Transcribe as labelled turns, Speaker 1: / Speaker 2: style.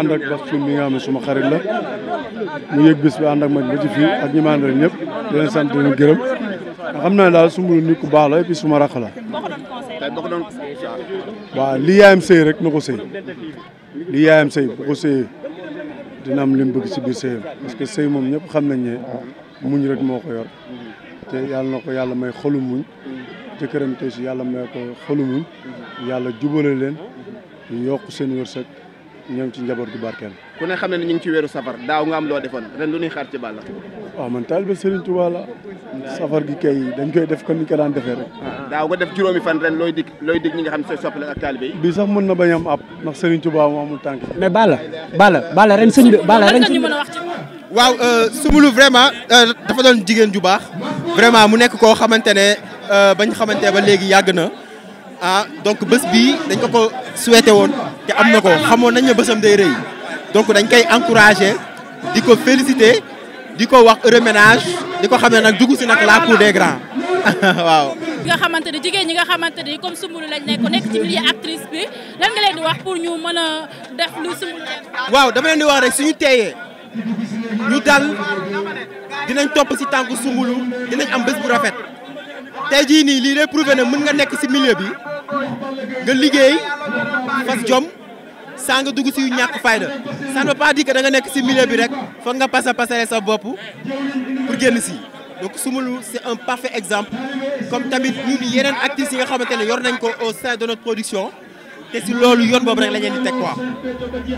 Speaker 1: ànd ak Bass mi nga xam ne suma xarit la mu yëg bis bi ma ak man ba ma àndal ñëpp di leen sant di leen gërëm xam naa daal Soumboulou nit ku baax la et puis suma rakk la. waaw li yaayam rek na ko sëy li yaayam sëy bu ko am li mu bëgg si biir sëyam parce que sëy moom ñëpp xam nañ ne rek moo ko yor te yàlla na ko may xolu muñ jëkkëram te si yàlla may ko xolu muñ yàlla jubale leen yokk seen wërsëg ñoo ngi ci njaboot gu barkeel.
Speaker 2: ku ne xam ne ñu ci weeru safar daaw nga am loo defoon ren lu ñuy xaar ci Balla.
Speaker 1: waaw man taalibe Serigne dañ koy def ko daan defee
Speaker 2: ko def juróomi fan ren looy dig looy dig ñi nga xam ne soppale
Speaker 1: mais Balla Balla Balla ren sëñ bi Balla ren sëñ bi. waaw euh, Soumboulou vraiment euh, dafa doon jigéen ju baax vraiment
Speaker 3: mu nekk koo xamante ne euh, bañ xamante ba léegi yàgg na ah donc bés bii dañ ko ko souhaité woon te am na ko xamoon nañ ne bésam day rëy donc dañ koy encouragé di ko félicité di ko wax heureux ménage di ko xam ne nag jugu si nag la cour des grands waaw. nga xamante ni jigéen ñi nga xamante ni comme Soumboulou lañ nekk nekk ci milieu actrice bi lan nga leen di wax pour ñu mën a def lu Soumboulou waaw dama leen di wax rek suñu teyee ñu dal dinañ topp si tànku Soumboulou dinañ am bés bu rafet te jii nii lii lay prouvé ne nga nekk si milieu bi.
Speaker 1: nga liggéey fas jom
Speaker 3: saa nga dugg si yu ñàkk fayda ça ne veut pas da nga nekk si milieu bi rek foog nga pasa pasare sa bopp pour génn si donc Soumboulou c'est un parfait exemple comme tamit ñun yeneen actrices yi nga xamante ne yor nañ ko au sein de notre production te si loolu yoon boobu rek la ñeen di teg quoi